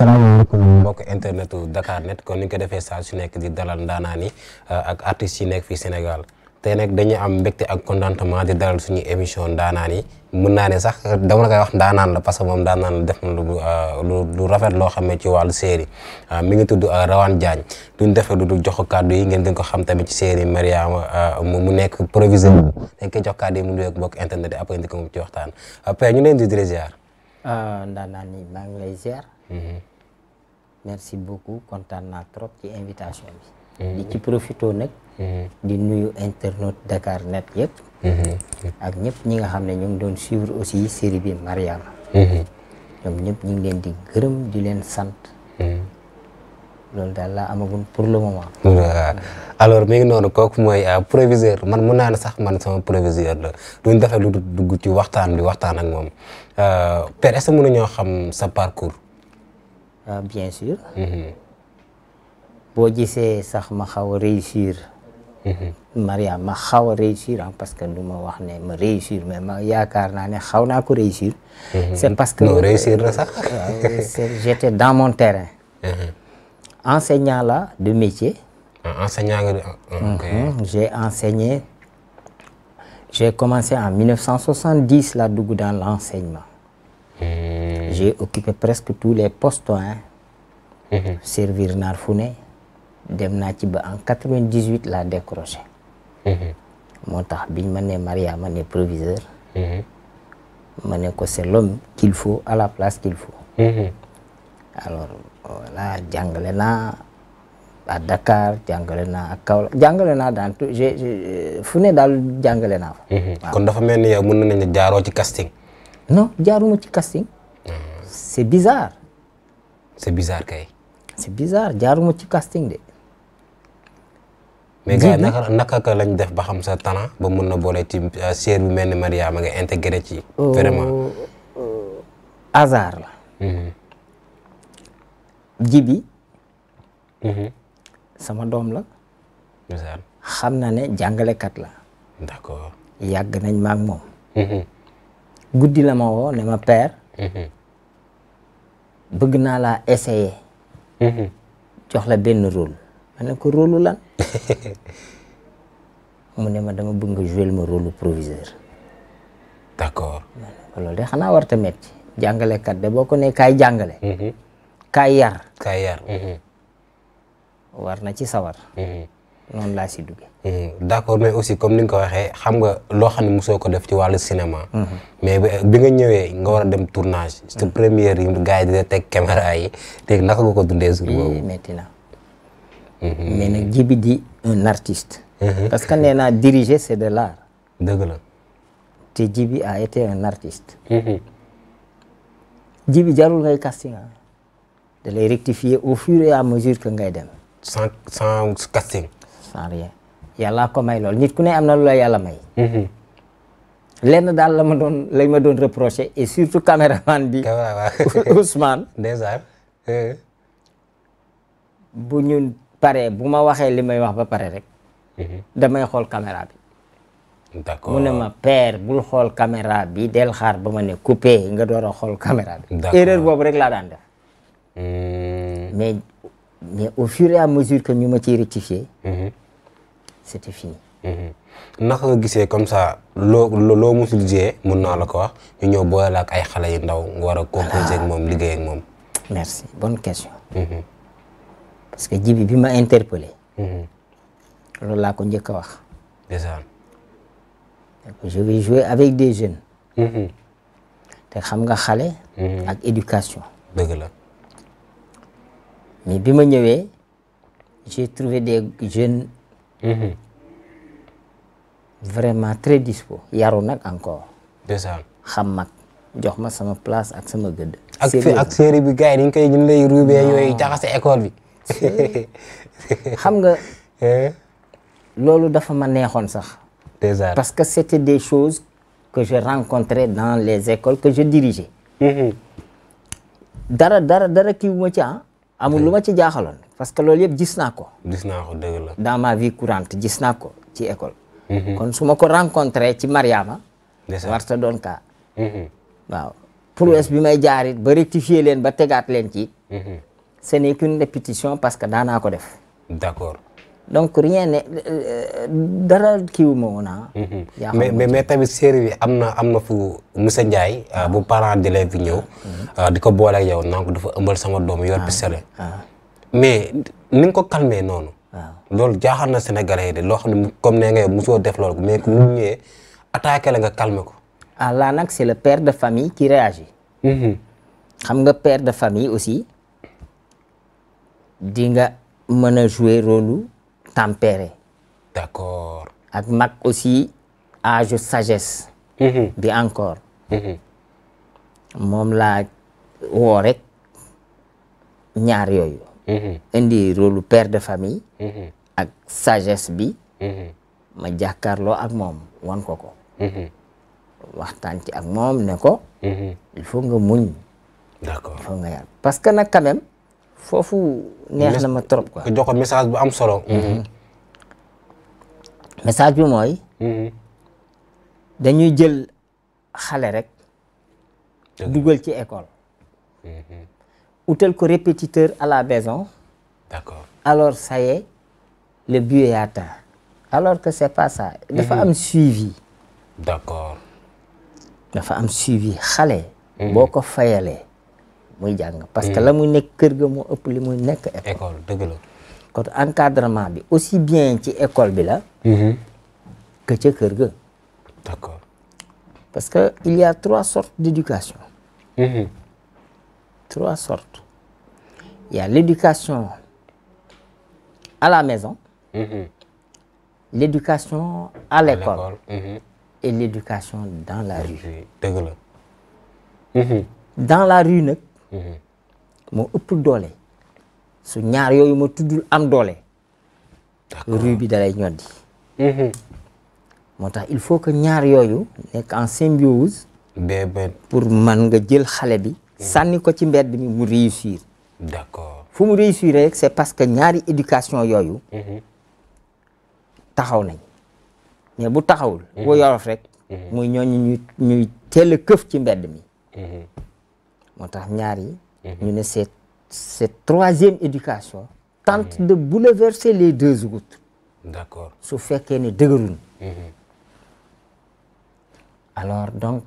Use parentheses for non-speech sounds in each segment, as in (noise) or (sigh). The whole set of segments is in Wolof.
salaamaaleykum mbokk internet Dakar Net kon ni ñu ko defee saa su nekk di dalal ndaanaan yi euh, ak artistes yi nekk fii Sénégal tey nag dañuy am mbégte ak contentement di dalal suñu émission ndaanaan yi mën naa ne sax dama la koy wax ndaanaan la parce que moom ndaanaan def euh, lu lu rafet loo xam ne ci wàllu série euh, mi ngi tudd Rawane Diagne duñ defee du jox kàddu yi ngeen di ko xam tamit ci série Mariama mu nekk proviseur mm. dañ koy jox kàddu yi mu nuyoog mbokk internet yi après di ko ci waxtaan après ñu leen di dire ziar. ndaanaan mm-hmm. merci beaucoup kontaan naa trop ci invitation bi. Mm-hmm. di ci profito nag. Mm-hmm. di nuyu internaute Dakar Net yëpp. Mm-hmm. ak ñëpp ñi nga xam ne ñu ngi doon suivre aussi série bi Mariama. ñoom ñëpp ñu ngi leen di gërëm di leen sant. loolu daal laa amagun pour le moment. alors mi noonu kooku mooy euh, proviseur man mun naa ne sax man sama proviseur la duñ dafa lu dugg ci waxtaan bi waxtaan ak moom euh, Père est-ce que ñoo xam sa parcours. Euh, bien sûr mm-hmm. boo gisee sax ma xaw a réussir mm-hmm. Maria ma xaw a réussir ah, parce que du ma wax ne ma réussir mais ma yaakaar naa ne xaw naa ko réussir mm-hmm. c'est parce que réussir na sax (laughs) euh, j'étais dans mon terrain enseignant la de métier ah, ah, j'ai enseigné j'ai commencé en la dugg dans l'enseignement j'ai occupé presque tous les postes hein. Mhm. servir naar fu ne dem naa ci ba en quatre-vingt-dix-huit laa décroché mhm. moo tax biñ ma ne Maria ma ne proviseur mhm. ma ne ko c'est l'homme qu'il faut à la place qu'il faut jàngale naa à Dakar jàngale naa ak Kaolack jàngale naa dans euh, ne daal jàngale naa fa kon dafa mel ni yow mën nañ la jaaroo ci casting non jaaruma ci casting c'est bizarre. c'est bizarre kay. c'est bizarre jaaruma ci casting de. mais gars naka naka lañ def ba xam sa talent ba mun na boole ci euh, séer bu mel ni Mariama nga intégré ci. Oh, vraiment euh, hasard la. Mm-hmm. jibi mm-hmm. sama doom la. xam na ne jàngalekat la. d'accord yàgg nañ ma ak moom. Mm-hmm. guddi la ma woo ne ma père. bëgg naa laa essayer. Mm-hmm. jox la benn rôle. ma ne ko rôle lan (laughs) mu ne ma dama bëgg nga jouer ma rôle proviseur. d'accord. loolu de xanaa warta metti jàngalekat de boo ko nee kaay jàngale. Mm-hmm. kaay yar. kaay yar. Mm-hmm. war na ci sawar. noonu laa si duggee. Hmm. d' accord mais aussi comme ni nga waxee xam nga loo xam ne mosoo ko def ci wàllu cinéma. Mhm. mais bi nga ñëwee nga war a dem tournage. Mhm. sa première yi gars yi di teg caméra yi léegi naka nga ko dundee jour boobu. na. Mhm. mais nag jibi di un artiste. parce que nee naa diriger c' est de l' art. la. te jibi a été un artiste. jibi jarul ngay casting ah. da rectifier au fur et à mesure que ngay dem. sans sans casting. sans rien yàllaa ko may loolu nit ku ne am na lu la yàlla may. Mhm. lenn daal la ma doon lañ ma doon reproché et surtout caméraman bi. (laughs) Ousmane. déjà. Euh. bu ñu paree bu ma waxee li may wax ba pare rek. Mhm. damay xool caméra bi. d'accord mu ne ma père bul xool caméra bi del xaar ba ma ne coupé nga door a xool caméra bi. erreur boobu rek laa daan def. Hmm. mais mais au fur et mesure que ñu ma ciy rectifié. Mhm. c'était fini. Mm-hmm. ndax nga gise comme sa loo loo musul jiyee mun naa la ko wax ñu ñëw boole la ak ay xale yu ndaw nga war a composer ak moom liggéey ak moom. merci bonne question. Mm-hmm. parce que jibi bi ma interpellé. Mm-hmm. loolu laa ko njëkk a wax. déjà. je vais jouer avec des jeunes. te xam nga xale. ak éducation. dëgg la. mais bi ma ñëwee j'ai trouvé des jeunes. Mhm. vraiment très dispo yaru nag encore. ndeysaan xam mag jox ma sama place ak sama gëdd. ak ak série bi gars yi dañ koy ñu lay ruubee yooyu jaxase école bi. (laughs) xam nga. loolu dafa ma neexoon sax. dèjà parce que c'était des choses que je rencontrais dans les écoles que je dirigeais. Mhm. dara dara dara kii ma ci ah. amul lu ma ci jaaxaloon. parce que loolu yëpp gis naa ko. gis naa ko dëgg la. vie courante gis naa ko ci école. Mhm. kon su ma ko rencontré ci Mariama. warta doon kaa. Mhm. waaw prouesse bi may jaarit ba rectifier leen ba tegaat leen ci. Mhm. ce n'est qu'une répétition parce que daanaa ko def. d'accord. donc rien ne euh, euh, dara kiiwu ma ah. yaa mais mais tamit série bi am na am na fu monsieur Ndiaye ah. euh, bu parent di leen fi ñëw. di ko booleeg yow donc dafa ëmbal sama doom yor ah. pistolet. mais ni nga ko calmé noonu. loolu jaaxal na Sénégalais yi de loo xam ne comme nee nga yow mosoo def loolu mais que mu ñëwee attaqué la nga calmé ko. ah là nag c'est le père de famille qui réagit. Mhm. xam nga pere de famille aussi di nga mën a jouer rôle tempéré. d'accord ak mag aussi âge sagesse. Mhm. bi encore. Mhm. moom laa woo rek yooyu. Mm-hmm. indi rôle pere de famille. Mm-hmm. ak sagesse bi. Mm-hmm. ma jàkkaarloo ak moom wan ko ko. waxtaan ci ak moom ne ko. il faut nga muñ. d'accord parce que nag quand foofu neex na ma trop ko jox ko message bu am solo. message bi mooy. dañuy jël xale rek. dugal ci école. utal ko répétiteur à la maison. d'accord alors ça y est le but alors que c'est pas dafa mhm. am suivi. d'accord. dafa am suivi xale. Mhm. boo ko fayalee muy jàng. parce que mhm. la muy nekk kër ga moo ëpp li muy nekk école. école dëgg kon encadrement bi aussi bien ci école bi la. que kër ga. d'accord. parce que il y a trois sortes d'éducation. il y a l'éducation à la maison, mm-hmm. l'éducation à l'école mm l'éducation dans la rue. la. Mm-hmm. dans la rue nag. moo ëpp doole su ñaar yooyu ma tuddul am doole. rue bi dalay ñoddi. moo tax il faut que ñaar yooyu nekk en symbiose. pour man nga jël xale bi. sànni ko ci mbedd mi mu réussir. d'accord fu mu réussir rek c'est parce que ñaari éducation yooyu. Mhm. taxaw nañ mais bu taxawul. Mhm. boo yorof rek. Mhm. muy ñooñu ñuy ñuy këf ci mbedd mi. moo tax ñaari. ñu ne cette cette troisième éducation. tente de bouleverser les deux gouttes. d'accord su fekkee ne dëgëruñ. alors donc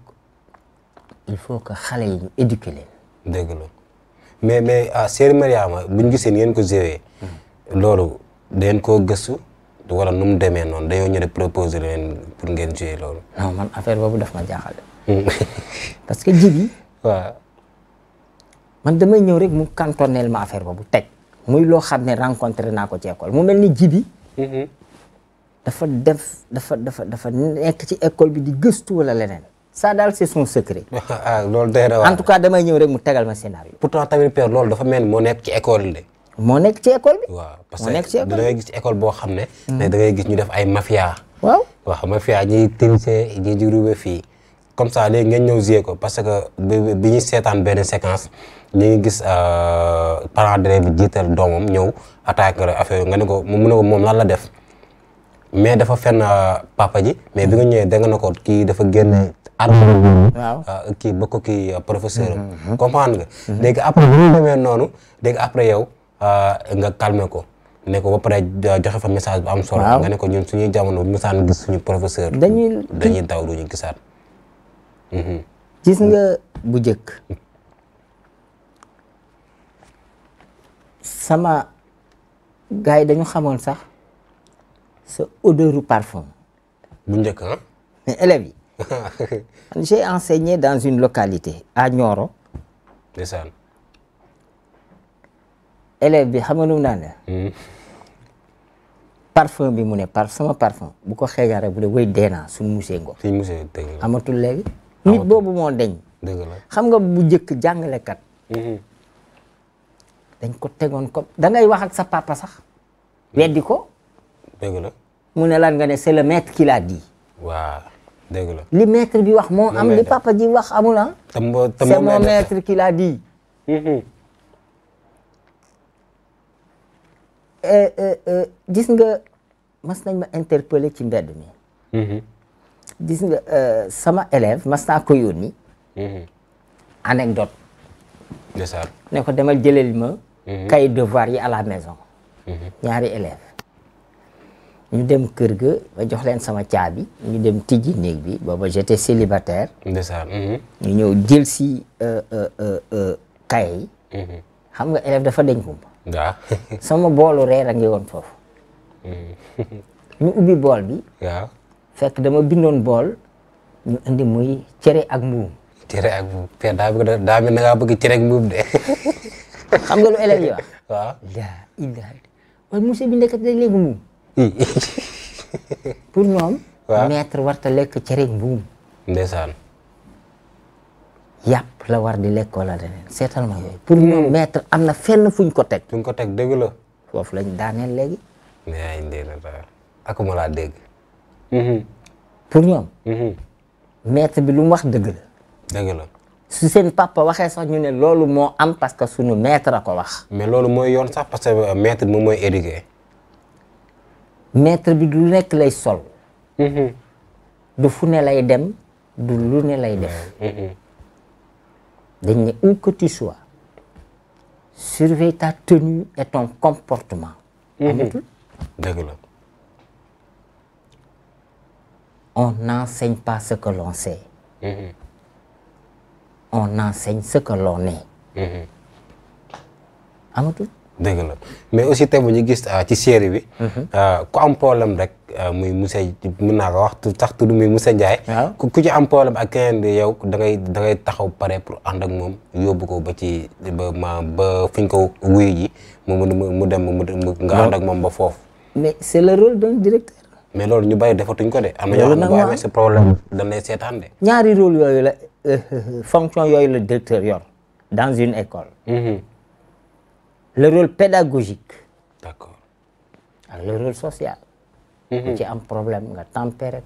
il faut que xale yi ñu éduquer mais mais ah Seri Mariama buñ gisee ni ngeen ko géwee loolu dangeen koo gëstu wala nu mu demee noonu dañoo ñëw proposer leen pour ngeen jouer loolu. non man affaire boobu dafa ma jaaxal. Hmm. (laughs) parce que ji man damay ñëw rek mu cantonnel ma affaire bu teg muy loo xam ne rencontré naa ko ci école mu mel ni ji bi. Hmm, hmm. dafa def dafa dafa dafa nekk ci école bi di gëstu wala leneen. ça daal c'est son secret. (laughs) ah loolu day en tout cas damay ñëw rek mu tegal ma scénario. pourtant tamit père loolu dafa mel ni moo nekk ci école yi de. moo nekk ci parce que da ngay gis école boo xam ne. Hmm. mais da ngay gis ñu def ay mafia. waaw waaw mafia ñiy tricher ñiy jurube fii. comme ça léegi ñëw gisee ko parce que bi bi ñuy seetaan benn séquence ñu ngi gis euh, parent d'élève bi jiital doomam ñëw attaqué affaire nga ne ko mu ne ko moom lan la def mais dafa fenn euh, papa ji bi nga ñëwee da nga kii dafa génn. àdduna mm-hmm. waaw ah, kii ba ko kii ah, professeur am mm-hmm. comprendre nga mm-hmm. léegi ah, ko ne ko ba pare joxe fa message bu am solo nga ne ko ñun suñuy jamono mosaan gis suñu professeur dañuy dañuy daw duñu gisaat gis nga bu jëkk sama gars yi dañu xamoon sax sa odeuru parfum bu njëkk ah mais élèves yi (laughs) j'ai enseigné dans une localité à Nioro. élève bi xam nga nu mu naan hmm. bi mu ne par sama parfum bu ko xeeñaa rek bu dee wéy dee naa suñu musée ngoog. suñu musée dëgg amatul léegi. nit xam nga bu njëkk jàngalekat. Hmm. dañ ko tegoon ko da ngay wax ak sa papa sax. Hmm. weddi ko. mu ne lan nga ne c'est le maître qui waaw. dëgg la li maître bi wax moo am li papa ji wax amul ah. te moo c'est mon maître qui mhm. euh, euh, euh, nga mas nañ ma interpeller ci mbedd mi. Mhm. gis nga sama élève mas naa ko yónni. Mhm. anecdote. ne ko demal jëleel ma. kay devoir yi à la maison. ñaari élève ñu dem kër ga ba jox leen sama caabi ñu dem tijji néeg bi booba j'étais célibataire ndeysaan mhm. ñu ñëw jël si kaye euh, euh, euh, yi mhm. xam nga élève dafa dañ kumpa waaw (laughs) sama boolu reer woon foofu mhm. (laughs) ubbi bool bi waaw fekk dama bindoon bool ñu indi muy cere ak mbuum cere ak mbuum père daa bëgg daa mel na ngaa bëgg cere ak mbuum de (laughs) xam nga lu élève yi wax waaw daa idaal wala monsieur bi ndekkat léegi mbuum (laughs) pour ñoom. waaw maître warta lekk cere buum. ndeysaan. yàpp la war di lekk wala leneen seetal ma yooyu. pour hmm. ñoom maître am na fenn fuñ ko teg. fuñ ko teg dëgg la. foofu lañ daaneel léegi. mais yaa ngi dégg ak ma laa dégg. Hmm. pour ñoom. Hmm. maître bi lu mu wax dëgg la. dëgg su seen papa waxee sax ñu ne loolu moo am parce que suñu maître a ko wax. mais loolu mooy yoon sax parce que euh, maître mooy éduqué. maître bi du lu nekk lay sol mm-hmm. du ne lay dem du ne lay def mm-hmm. dañ ne où que tu sois surveille ta tenue et ton comportement mm-hmm. amatul dëgg la on n'enseigne que l'on sait on enseigne ce que l'on est dëgg mais aussi tey bu ñu gis euh, ci série bi. Mhm. Euh, ku am problème rek euh, muy monsieur mën naa ko wax sax tudd muy monsieur Ndiaye. ku ci am problème ak keneen yow da ngay da ngay taxaw pare pour ànd ak moom yóbbu ko ba ci ba ma ba fi ñu ko wuyu ji mu mu dem mu nga ànd ak moom ba foofu. mais c'est le rôle d'un directeur. mais loolu ñu bari defatuñ ko de. am na ñoo xam ne boo amee sa problème dañ seetaan de. ñaari rôle yooyu la fonction yooyu la directeur yor dans une école. Mhm. le rôle pédagogique. d'accord ak le rôle social. Mhm. ku ci am problème nga tempéré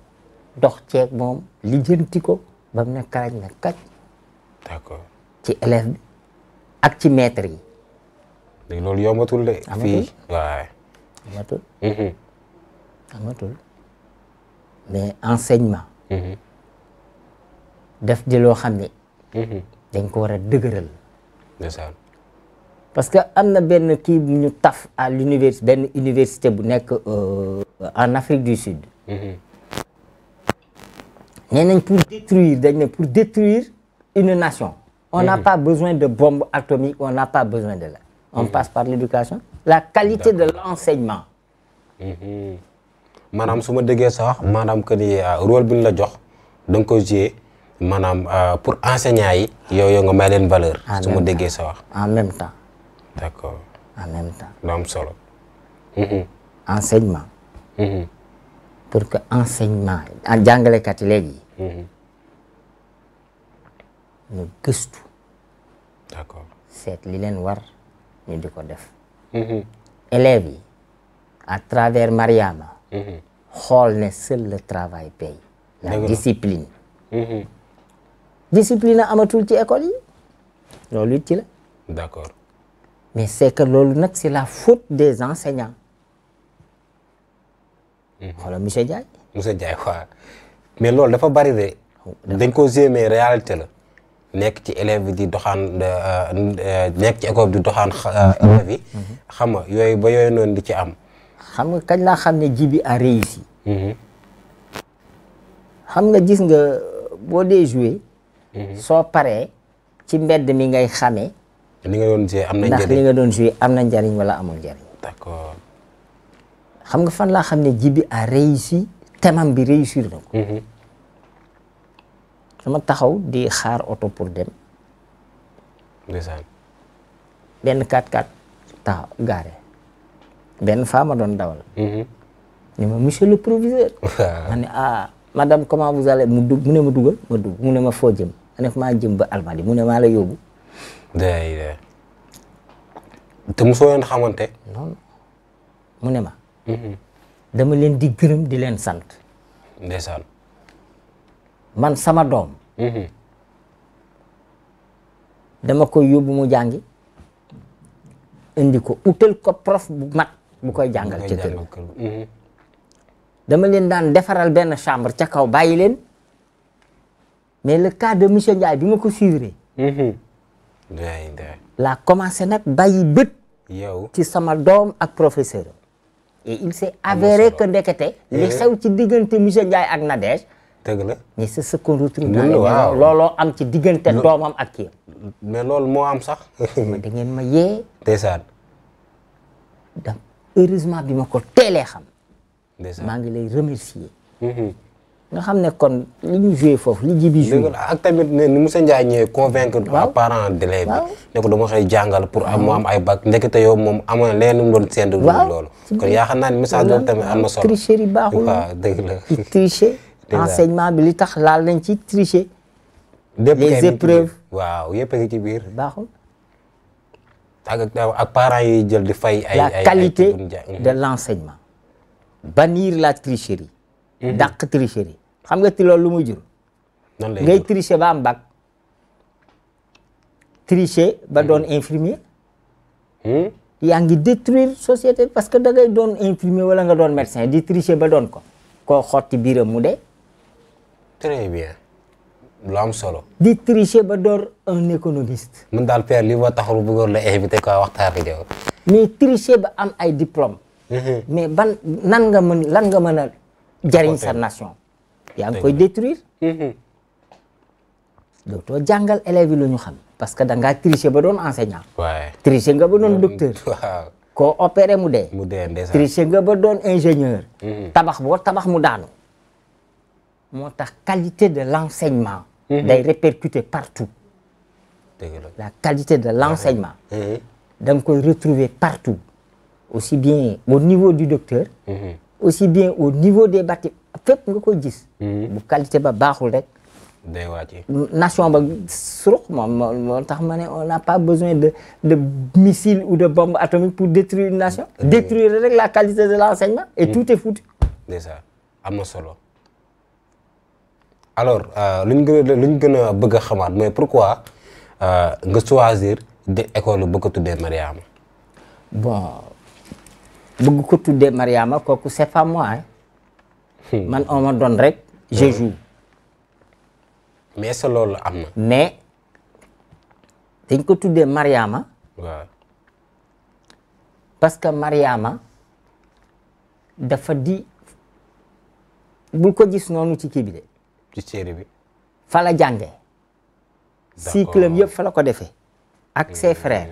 dox ceeg moom lijjanti ko ba mu ne kalaaj na kàcc. d'accord ci élève ak ci maître yi. léegi loolu yombatul de. amatul fii waay. amatul. Mhm. amatul mais enseignement. Mhm. def di loo xam ne. dañ ko war a dëgëral. parce que am na benn kii bu ñu taf à l'université benn université bu nekk euh, en Afrique du Sud mhm. nee nañ pour détruire dañ ne pour détruire une nation on n'a mhm. pas besoin de bombes atomiques on n'a pas besoin de là on mhm. passe par l'éducation la qualité de l'enseignement maanaam su ma déggee sax maanaam que ni euh, rôle bi ñu la jox da ko koy jouer maanaam euh, pour enseignants yi yow yow nga may leen valeur su ma déggee sa wax en même temps d' accord en même temps. lu am solo. enseignement. pour que enseignement en jàngalekat yi léegi. Mm-hmm. ñu gëstu. d' accord seet li leen war ñu di ko def. Mm-hmm. élèves yi à travers Mariama. Mm-hmm. xool ne seul le travail paye. la discipline. discipline amatul ci école yi loolu it ci la. accord. mais c'est que loolu nag c'est la faute des enseignants. Mhm. xoolal monsieur Ndiaye. monsieur Ndiaye mais loolu dafa bari de. Oh, dañ ko gémé réalité la. nekk ci élève di doxaan euh, euh, nekk ci école di doxaan euh, mhm. élèves yi. Mhm. xam nga yooyu ba yooyu noonu di ci am. xam nga kañ laa xam ne ji bi a réussi. xam nga gis nga boo dee joué. soo paree ci mbedd mi ngay xamee. li nga doon joué am na njariñ ndax li nga doon joué am na njariñ wala amul njariñ. d'accord xam nga fan laa xam ne Djiby a réussi temam bi réussir na ko. Mhm. dama taxaw di xaar oto pour dem. ndeysaan. benn 4-4 taxaw gaare benn faa ma doon dawal. Mhm. ni ma monsieur le proviseur. (laughs) ma ne ah madame comment vous allez mu dugg mu ma dugal ma dugg mu ne ma foo jëm ma ne maa jëm ba Almadi mu ne maa la yóbbu. day de te mosoo leen mu ne ma. Mm-hmm. dama leen di gërëm di leen sant. ndeysaan. man sama doom. Mm-hmm. dama koy yóbbu mu jàngi. indi ko utel ko prof bu mat bu koy jàngal ca kër mm-hmm. dama leen daan defaral benn chambre ca kaw bàyyi leen mais le cas de monsieur bi ma ko suivre. laa commencé nag bàyyi bët. yow ci sama doom ak professeur et il s'est avéré que ndekete. li eh. xew ci diggante monsieur Ndiaye ak na dëgg la mais c'est ce qu'on retrouve waaw looloo am ci diggante doomam ak kii mais loolu moo am sax. ma da ngeen ma yee. ndeysaan. donc heureusement bi ma ko teelee xam. maa ngi lay remercier. Mm-hmm. nga xam ne kon li ñu joué foofu li jibi joué ak tamit ne ni Moussa Ndiaye ñëwee convaincre parent d'élève bi ne ko dama xëy jàngal pour am mu am ay bac ndekete yow moom amoon leen mu doon séntu loolu kon yaakaar naa ne message boobu tamit am na solo tricherie yi baaxul waaw dëgg la tricher (laughs) enseignement bi li tax laal nañ ci tricher les épreuves waaw yëpp a ngi ci biir baaxul ak ak parents yi jël di fay ay la qualité de l'enseignement bannir la tricherie Mhm. dàq tricherie xam nga ti loolu lu muy jur ngay tricher ba am bac tricher ba doon mhm. infirmier hmm? yaa ngi détruire société parce que da ngay doon infirmier wala nga doon médecin di tricher ba doon ko koo xotti biiram mu dee très bien solo di tricher ba door un économiste mun daal père li ma taxul bëggoon la invité quoi waxtaan ak yow mais tricher ba am ay diplôme mhm. mais jariñ sa nation yaa ngi koy détruire mhm. dootoo jàngal élèves yi lu ñu xam parce que da ngaa tricher ba doon enseignant tricher nga ba doon mhm. docteur koo opéré mu dee tricher nga ba doon ingénieur mhm. tabax boo tabax mu daanu moo tax qualité de l'enseignement day répercuter partout la qualité de l'enseignement da nga koy retrouver partout aussi bien au niveau du docteur aussi bien au niveau des bâtiments fépp nga koy jis mm-hmm. bu qualité ba baaxul rek. day wàcc nation ba surux moom moo tax ma ne on n'a pas besoin de de missile ou de bombe atomique pour détruire nation. Mm-hmm. détruire rek la qualité de l'enseignement et mm-hmm. tout est foutu. c'est am na solo. alors euh, lu ñu gën a lu ñu gën a bëgg a xamaat mais pourquoi euh, nga choisir de école bëgg a tuddee Mariama bëgg ko tuddee Mariama kooku c'est pas moi hmm. man on ma rek je hmm. joue. mais sa loolu am na. dañ ko tuddee Mariama. waaw parce que Mariama dafa di bul ko gis noonu ci kii bi de. ci série bi. fa la jàngee. yëpp fa la ko defee. ak ses hmm. frères.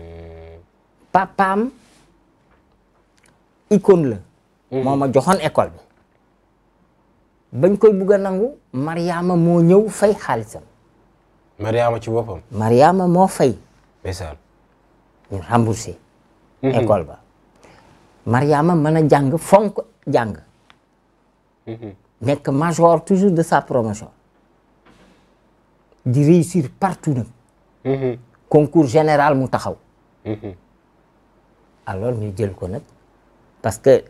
icône la. Mmh. moo ma joxoon école bi. bañ koy bugg a nangu. Mariama moo ñëw fay xaalisam. Mariama ci boppam. Mariama moo fay. ndeysaan. ñu remboursé. Mmh. école ba. Mariama mën a jàng fonk jàng. Mmh. nekk major toujours de sa promotion. di réussir partout nag. concours général mu taxaw. alors ñu jël ko nag. parce que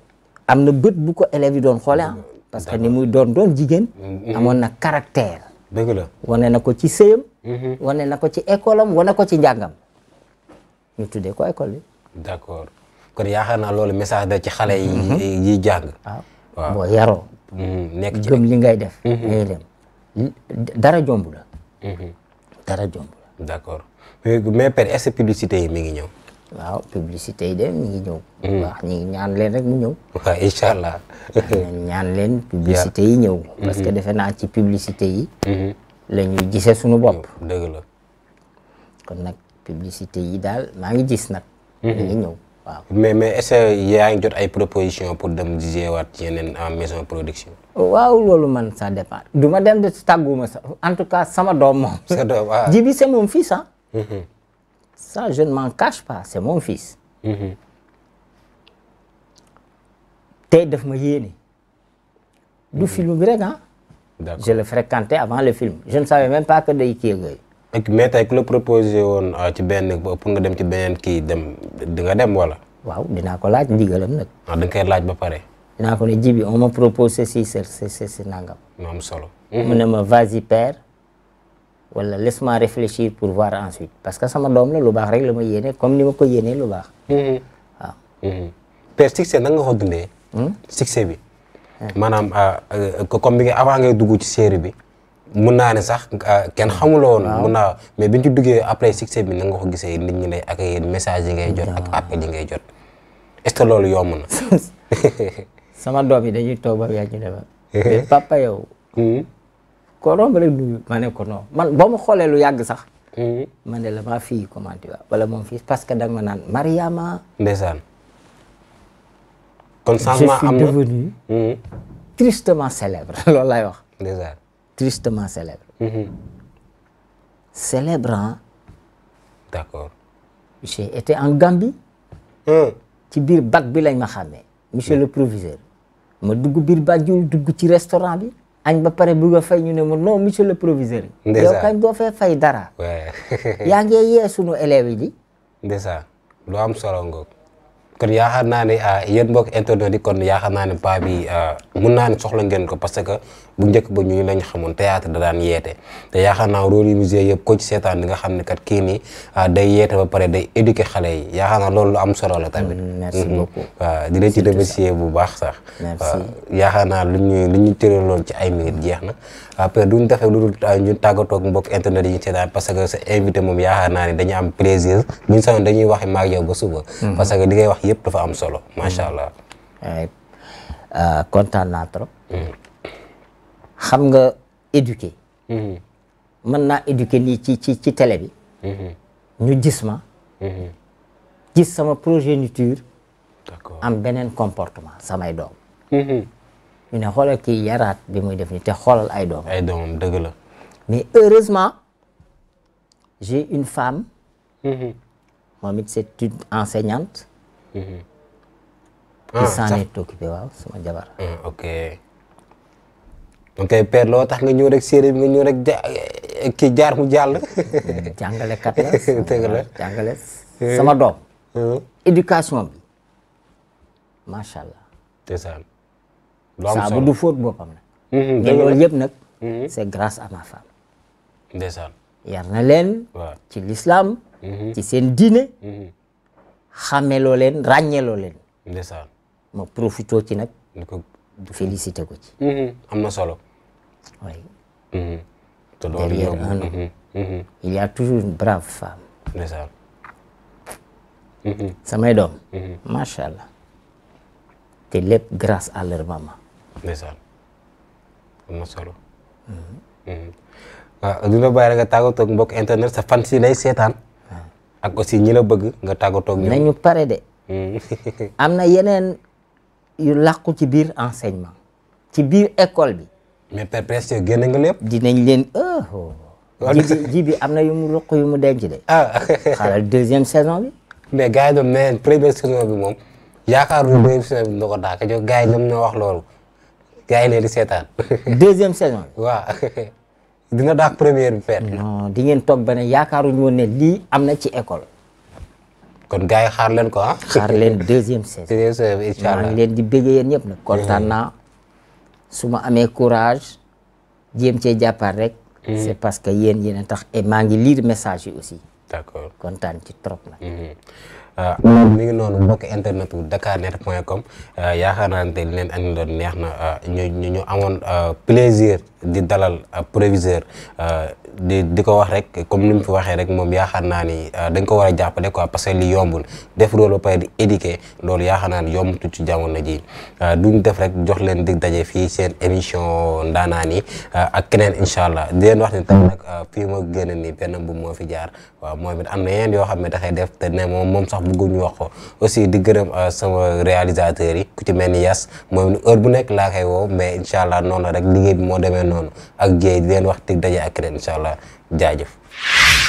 am na bët bu ko élèves yi doon xoole ah parce que ni muy doon doon jigéen mm-hmm. amoon na caractère dëgg la wane na ko ci sëyam mm-hmm. wane na ko ci école am wane ko ci njàngam ñu tuddee ko école bi d'accord kon yaakaar naa loolu message da ci xale yi mm-hmm. yiy jàng boo yaroo nekk ci gëm ngay def ngay dem dara jomb la dara jomb la d'accord mais mais yi mi ngi ñëw waaw publicité yi de mi ngi ñëw. wax ñaan leen rek mu ñëw. waaw allah. ñaan leen publicité yi ñëw. parce que defe naa ci publicité yi. la ñuy gisee suñu bopp. dëgg la. kon nag publicité yi daal maa ngi gis nag. mi ñëw waaw. mais mais yaa ngi jot ay proposition pour dem giseewaat ci yeneen en maison production. Oh, waaw loolu man ça dépend du ma dem de tàgguma sax en tout cas sama doom moom. sa doom waaw ji bi moom fils ah. Ça, je ne m'en cache pas, c'est mon fils. Mhm. tey daf ma yéene. du mhm. film bi rek ah. je le fréquentais avant le film je ne savais même pas que day kii yooyu. mais tey ku la proposé woon ah, ci benn pour ga dem ci beneen kii dem di nga dem wala. waaw dinaa ko laaj ndigalam nag. ah da nga koy laaj ba pare. dinaa ko ne ji bi on m'a proposé si c'est c'est c'est nangam. mu ma vas-y wala laisse-moi réfléchir pour voir ensuite parce que sama doom la lu baax rek la ma yéene comme ni ma ko yéenee lu baax. Mm-hmm. waaw. Mm-hmm. père succès nan nga ko dundee. Hmm? succès bi. Hmm. maanaam ah, ah, comme bi nga avant ngay dugg ci série bi. mun naa ne sax ah, kenn xamuloo woon. mun naa mais biñ ci duggee après succès bi nanga nga ko gisee nit ñi lay ak message yi ngay jot. ak appel yi ngay jot. est-ce loolu yomb na. (laughs) sama doom yi dañuy toog ba yàgg ñu ne ma. (laughs) mais papa hmm? ko romb rek nuyu ma ne ko ma lu yàgg sax. Hmm. ma ne la ma fii comment tu vas wala moom fii parce que da nga ma naan Mariama. ndeysaan. kon changement am na hmm. tristement célèbre (laughs) loolu lay tristement célèbre. Hmm. célébrant. d'accord. j'ai été en Gambie. ci biir bac bi lañ ma xàmmee. monsieur le proviseur. ma dugg biir Banjul dugg ci restaurant bi. añ ba pare bëgg a fay ñu ne ma non monsieur le proviseur yi yow kañ doo fee fay dara (laughs) yaa ngi yee sunu élèves yi ji ndeysaan lu am solo ngoog kon yaakaar naa ne ah, yéen mbokk internet yi kon yaakaar naa ne paa bi ah, mun naa ne soxla ngeen ko parce que bu njëkk ba ñu lañ xamoon théâtre da daan yeete te yaakaar naa rôle yu musée yëpp ko ci seetaan di nga xam ne kat kii nii ah, day yeete ba pare day éduquer xale yi yaakaar naa loolu lu am solo la tamit. Mm, merci mm-hmm. beaucoup waaw di leen ci remercier bu baax sax. yaakaar naa lu ñu lu ñu tëraloon ci ay minutes jeex na après duñ defee lu dul ah, ñu tàggatoo ak mbokk internet yi ñu seetaan parce que sa invité moom yaakaar naa ne dañu am plaisir buñ sax dañuy wax maag yow ba suba. Mm-hmm. parce que li ngay wax yëpp dafa am solo macha mm-hmm. allah. Euh, kontaan naa trop. xam nga éduquer. Mm-hmm. mën naa éduquer nii ci ci ci télé bi. Mm-hmm. ñu gis ma. Mm-hmm. gis sama progéniture. d'accord am beneen comportement samay doom. ñu ne xoolal kii yaraat bi muy def ni te xoolal ay doomam. ay doomam dëgg la. mais heureusement j'ai une femme. moom it c'est une enseignante. ah qui occupée waaw sama jabar. Ah, donc kay père loo tax nga ñëw rek séeréer bi nga ñëw rek ja kii jaar mu jàll. (laughs) jàngalekat la (laughs) dëgg sama doom. Hmm. éducation bi macha allah. c'est bu du fóot boppam la. Hmm, hmm, dëgg la loolu yëpp nag. c'est grâce à ma yar na leen. ci l'islam. ci seen diine. xàmmeloo leen ràññeeloo leen. ndeysaan. ma profité ci nag. félicité ko ci. Mm-hmm. am na solo. oui. Mm-hmm. te loolu derrière un homme. Mm-hmm. il samay doom. macha allah. te lépp grâce à leur maman. ndeysaan am na solo. waaw ah, dina bàyyi rek nga tàggatoo mbokk internet sa fan si lay seetaan. Ah. ak aussi ñi la bëgg nga tàggatoo ak ñoom. nañu pare de. (laughs) am na yeneen yu làqu ci biir enseignement ci biir école bi. mais presque génne nga lépp. dinañ leen oh. oh, oh. ji bi am na yu mu ruq yu mu denc de. ah xaaral saison bi. mais gars yi doon nee première saison bi moom yaakaarul deuxième saison bi ko daaka jox yi ñoom ñoo wax loolu gars yi di seetaan. (laughs) deuxième saison bi waaw. (laughs) dina daak première bi perte. non di ngeen toog ba ne yaakaaruñu woon ne lii am na ci école. kon gars yi xaar leen ko ah. leen deuxième (laughs) saison. deuxième saison maa leen di bëggee yéen ñëpp nag. kontaan mm-hmm. naa su ma amee courage jéem cee jàppal rek. Mm-hmm. c' est parce que yéen yéen a tax maa ngi liit message yi aussi. d' kontaan ci trop nag. Mm-hmm. Euh, mi ngi noonu mbokk internet wu dakarnet point com euh, yaakaar naa te leen ani doon neex na euh, ñu ñu ñu amoon plaisir di dalal proviseur di di ko wax rek comme ni mu fi waxee rek moom yaakaar naa ni dañ ko war a jàppale quoi parce que li yombul def loolu pare di loolu yaakaar naa ni yombatu ci jamono ji duñ def rek jox leen dig daje fii seen émission ndaanaan yi ak keneen incha allah di leen wax ni tam nag fii ma génn ni benn bu moo fi jaar waaw moom it am na yeneen yoo xam ne dafay def te ne moom moom sax bëggu ñu wax ko aussi di gërëm euh, sama réalisateurs yi ku ci mel ni Yas moom heure bu nekk laa koy woo mais incha allah noonu rek liggéey bi moo demee noonu ak Guèye di leen wax dig daje ak ren incha allah jaajëf.